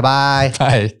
拜拜。